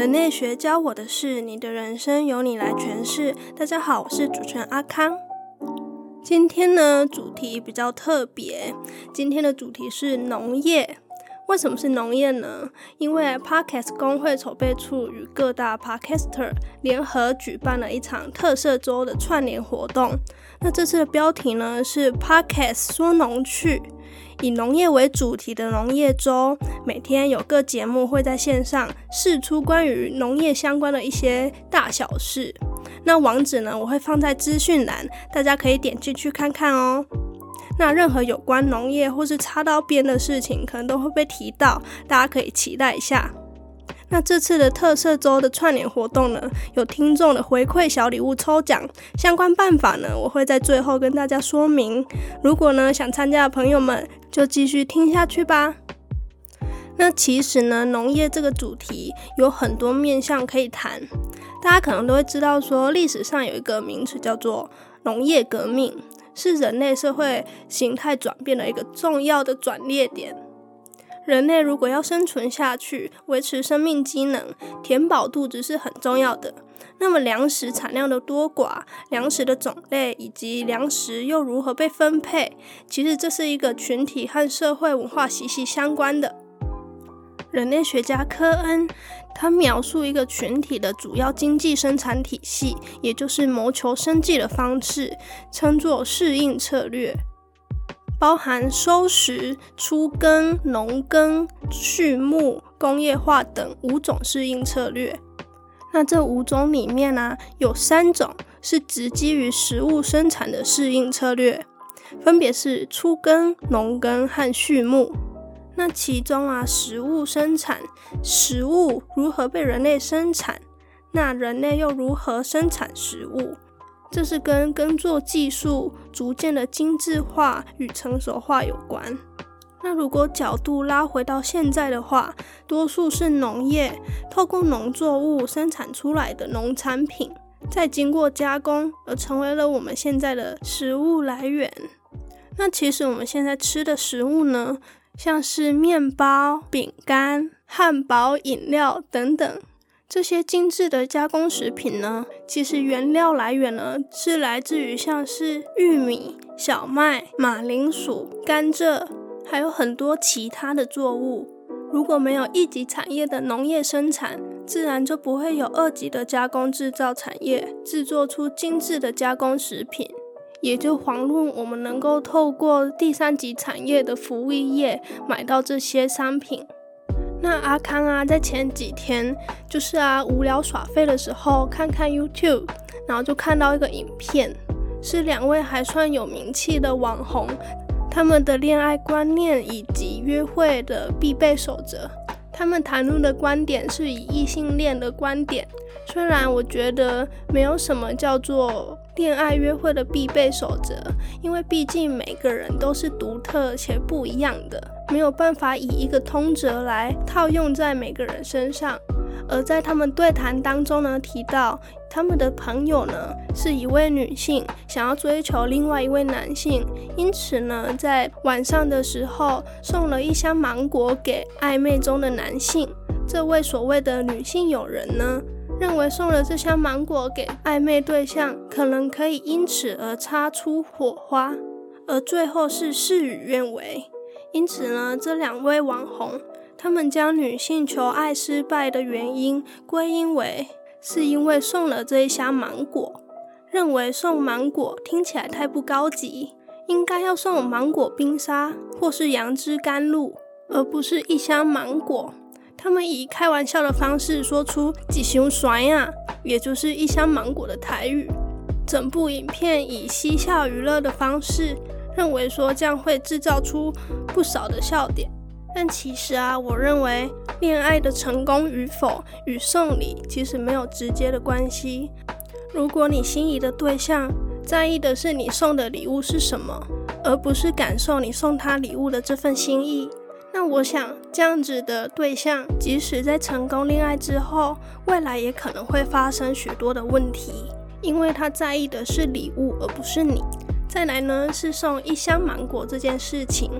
人類學教我的事，你的人生由你來詮釋。大家好，我是主持人阿康。今天呢，主題比較特別。今天的主題是農業。為什麼是農業呢？因為 Podcast 工會籌備處與各大 Podcaster 聯合舉辦了一場特色周的串聯活動。那這次的標題呢，是 Podcast 說農趣。以農業為主題的農業週，每天有個節目會在線上釋出關於農業相關的一些大小事。那網址呢？我會放在資訊欄，大家可以點進去看看哦、喔。那任何有關農業或是插刀邊的事情，可能都會被提到，大家可以期待一下。那這次的特色週的串聯活動呢，有聽眾的回饋小禮物抽獎，相關辦法呢，我會在最後跟大家說明。如果呢想參加的朋友們，就繼續聽下去吧。那其實呢，農業這個主題有很多面向可以談，大家可能都會知道說，歷史上有一個名詞叫做農業革命，是人類社會形態轉變的一個重要的轉捩點。人類如果要生存下去，維持生命機能、填飽肚子是很重要的。那麼，糧食產量的多寡、糧食的種類以及糧食又如何被分配？其實，這是一個群體和社會文化息息相關的。人類學家柯恩，他描述一個群體的主要經濟生產體系，也就是謀求生計的方式，稱作適應策略。包含搜食、粗耕、農耕、畜牧、工業化等五種適應策略。那這五種裡面呢、啊，有三種是植基於食物生產的適應策略，分別是粗耕、農耕和畜牧。那其中啊，食物生產，食物如何被人類生產？那人類又如何生產食物？這是跟耕作技術逐漸的精致化與成熟化有關。那如果角度拉回到現在的話，多數是農業透過農作物生產出來的農產品，再經過加工而成為了我們現在的食物來源。那其實我們現在吃的食物呢，像是麵包、餅乾、漢堡、飲料等等。這些精致的加工食品呢，其實原料來源呢是來自於像是玉米、小麥、馬鈴薯、甘蔗，還有很多其他的作物。如果沒有一級產業的農業生產，自然就不會有二級的加工製造產業製作出精致的加工食品，也就遑論我們能夠透過第三級產業的服務業買到這些商品。那阿康啊，在前幾天就是啊無聊耍廢的時候，看看 YouTube，然後就看到一個影片，是兩位還算有名氣的網紅，他們的戀愛觀念以及約會的必備守則。他們談論的觀點是以異性戀的觀點。雖然我覺得沒有什麼叫做戀愛約會的必備守則，因為畢竟每個人都是獨特且不一樣的，沒有辦法以一個通則來套用在每個人身上。而在他們對談當中呢，提到他們的朋友呢，是一位女性，想要追求另外一位男性，因此呢，在晚上的時候送了一箱芒果給曖昧中的男性。這位所謂的女性友人呢。認為送了這箱芒果給曖昧對象，可能可以因此而擦出火花，而最後是事與願違。因此呢，這兩位網紅，他們將女性求愛失敗的原因歸因為是因為送了這一箱芒果，認為送芒果聽起來太不高級，應該要送芒果冰沙或是楊枝甘露，而不是一箱芒果。他們以開玩笑的方式說出“幾雄甩呀”，也就是一箱芒果的台語。整部影片以嬉笑娛樂的方式，認為說這樣會製造出不少的笑點。但其實啊，我認為戀愛的成功與否與送禮其實沒有直接的關係。如果你心儀的對象在意的是你送的禮物是什麼，而不是感受你送他禮物的這份心意。那我想，這樣子的對象，即使在成功戀愛之後，未來也可能會發生許多的問題，因為他在意的是禮物，而不是你。再來呢，是送一箱芒果這件事情。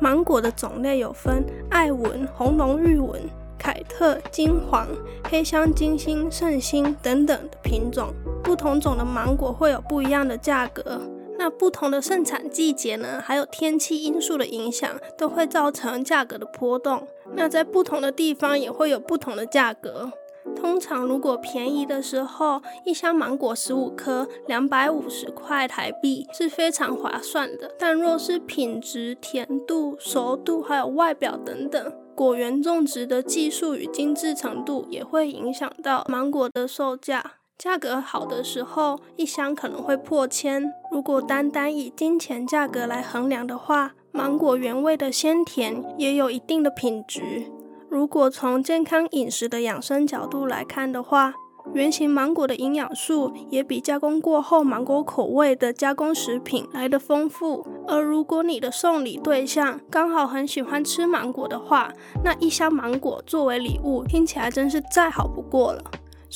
芒果的種類有分愛文、紅龍、玉文、凱特、金黃、黑香、金星、聖星等等的品種，不同種的芒果會有不一樣的價格。那不同的盛產季節呢，還有天氣因素的影響，都會造成價格的波動。那在不同的地方也會有不同的價格。通常如果便宜的時候，一箱芒果十五顆，兩百五十塊台幣是非常划算的。但若是品質、甜度、熟度，還有外表等等，果園種植的技術與精致程度，也會影響到芒果的售價。價格好的時候，一箱可能會破千。如果單單以金錢價格來衡量的話，芒果原味的鮮甜也有一定的品質。如果從健康飲食的養生角度來看的話，原型芒果的營養素也比加工過後芒果口味的加工食品來得豐富。而如果你的送禮對象剛好很喜歡吃芒果的話，那一箱芒果作為禮物，聽起來真是再好不過了。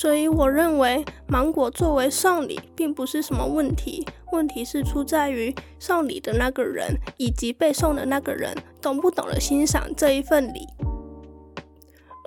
所以我認為，芒果作為送禮，並不是什麼問題。問題是出在於送禮的那個人，以及被送的那個人，懂不懂得欣賞這一份禮。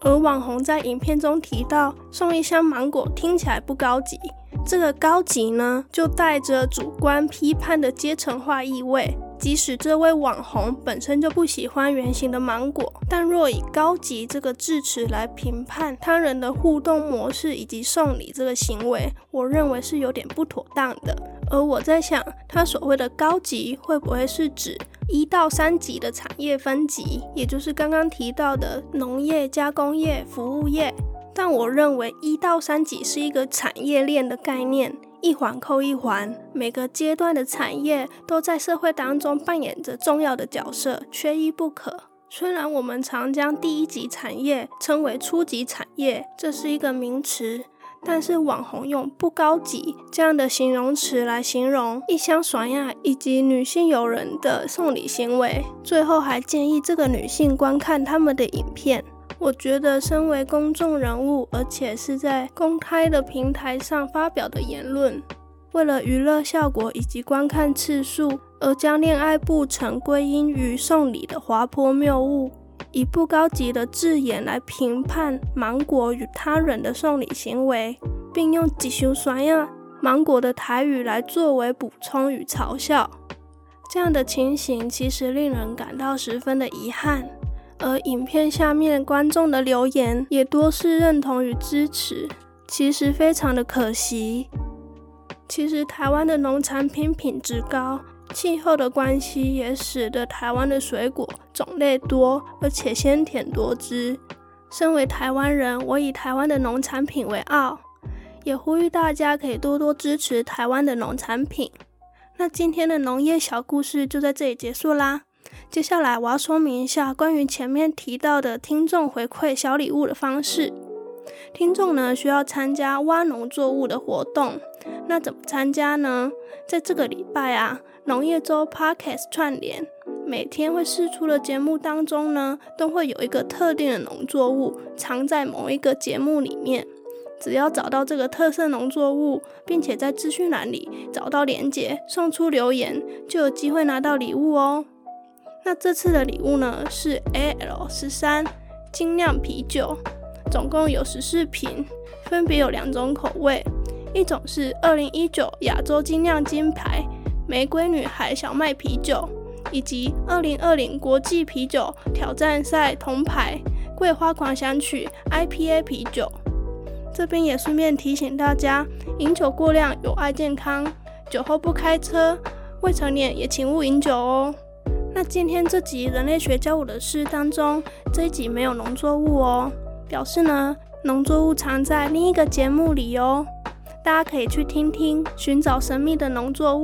而網紅在影片中提到，送一箱芒果聽起來不高級，這個高級呢，就帶着主觀批判的階層化意味。即使這位網紅本身就不喜歡圓形的芒果，但若以“高級”這個字詞來評判他人的互動模式以及送禮這個行為，我認為是有點不妥當的。而我在想，他所謂的“高級”會不會是指一到三級的產業分級，也就是剛剛提到的農業、加工業、服務業？但我認為，一到三級是一個產業鏈的概念。一環扣一環，每個階段的產業都在社會當中扮演着重要的角色，缺一不可。雖然我們常將第一級產業稱為初級產業，這是一個名詞，但是網紅用“不高級”這樣的形容詞來形容一廂爽亞以及女性友人的送禮行為，最後還建議這個女性觀看他們的影片。我覺得，身為公眾人物，而且是在公開的平台上發表的言論，為了娛樂效果以及觀看次數，而將戀愛不成歸因於送禮的滑坡謬誤，以不高級的字眼來評判芒果與他人的送禮行為，並用幾行酸樣芒果的台語來作為補充與嘲笑，這樣的情形其實令人感到十分的遺憾。而影片下面觀眾的留言也多是認同與支持，其實非常的可惜。其實台灣的農產品品質高，氣候的關係也使得台灣的水果種類多，而且鮮甜多汁。身為台灣人，我以台灣的農產品為傲，也呼籲大家可以多多支持台灣的農產品。那今天的農業小故事就在這裡結束啦。接下來我要說明一下關於前面提到的聽眾回饋小禮物的方式。聽眾呢需要參加挖農作物的活動。那怎麼參加呢？在這個禮拜啊，農業周 Podcast 串聯，每天會釋出的節目當中呢，都會有一個特定的農作物藏在某一個節目裡面。只要找到這個特色農作物，並且在資訊欄裡找到鏈接，送出留言，就有機會拿到禮物哦、喔。那這次的禮物呢，是 A L 十三精釀啤酒，總共有十四瓶，分別有兩種口味，一種是二零一九亞洲精釀金牌玫瑰女孩小麥啤酒，以及二零二零國際啤酒挑戰賽銅牌桂花狂想曲 I P A 啤酒。這邊也順便提醒大家，飲酒過量有害健康，酒後不開車，未成年也請勿飲酒哦、喔。那今天這集《人類學教我的事》當中，這一集沒有農作物哦，表示呢，農作物藏在另一個節目裡哦，大家可以去聽聽《尋找神秘的農作物》。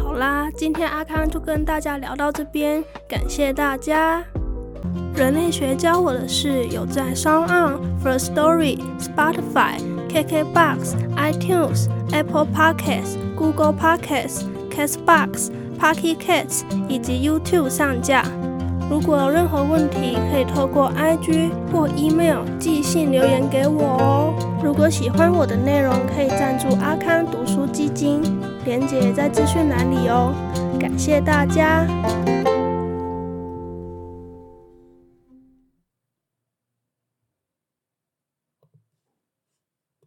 好啦，今天阿康就跟大家聊到這邊，感謝大家。《人類學教我的事》有在 SoundOn，Firstory，Spotify，KKBox，iTunes，Apple Podcasts，Google Podcasts，Castbox Castbox 以及 YouTube 上架。如果有任何問題，可以透過 IG 或 email 寄信留言給我哦。如果喜歡我的內容，可以贊助阿康讀書基金，連結在資訊欄裡哦。感謝大家！